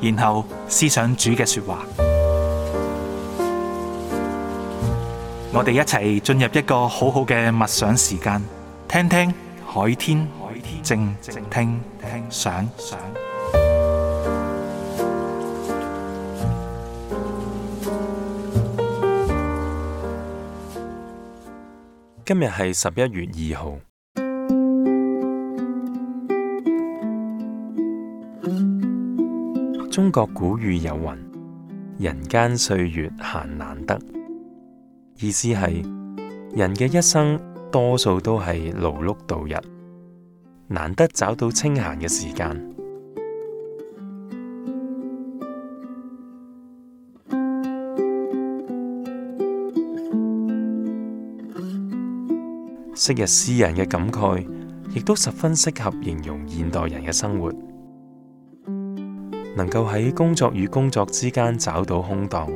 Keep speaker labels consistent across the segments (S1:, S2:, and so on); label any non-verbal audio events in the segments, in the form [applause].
S1: 然後思想主嘅說話，我哋一齊進入一個好好嘅默想時間，聽聽海天靜聽想。
S2: 今日係十一月二號。中國古語有云：人間歲月行難得，意思係人嘅一生多數都係勞碌度日，難得找到清閒嘅時間。 [music] 昔日詩人嘅感慨，亦都十分適合形容現代人嘅生活。能夠喺工作與工作之間找到空檔，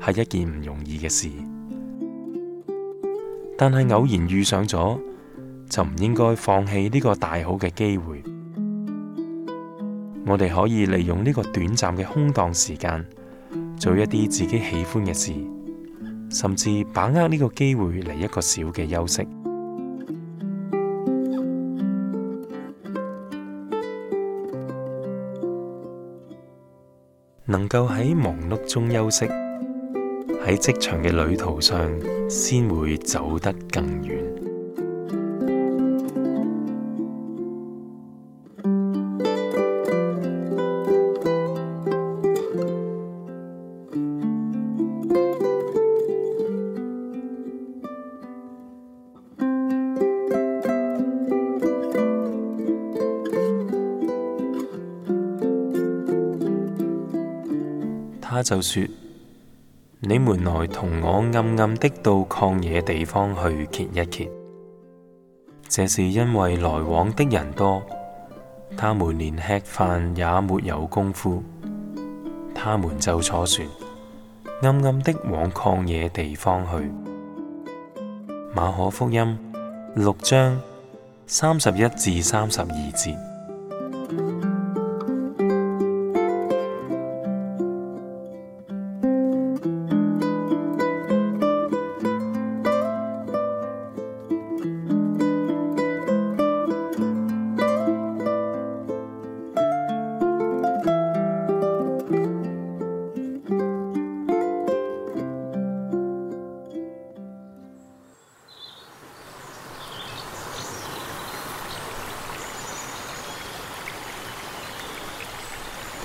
S2: 係一件唔容易嘅事。但係偶然遇上咗，就唔應該放棄呢個大好嘅機會。我哋可以利用呢個短暫嘅空檔時間，做一啲自己喜歡嘅事，甚至把握呢個機會嚟一個小嘅休息。能夠喺忙碌中休息，喺職場嘅旅途上，先會走得更遠。他就說：「你們來同我暗暗的到曠野地方去歇一歇。」這是因為來往的人多，他們連吃飯也沒有功夫，他們就坐船，暗暗的往曠野地方去。馬可福音六章三十一至三十二節。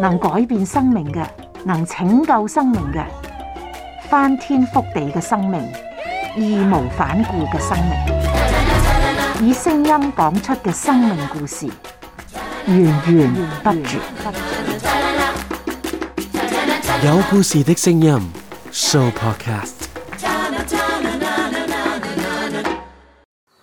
S1: 能改變生命嘅，能拯救生命嘅，翻天覆地嘅生命，義無反顧嘅生命，以聲音講出嘅生命故事，源源不絕。有故事的聲音，Sooo Podcast。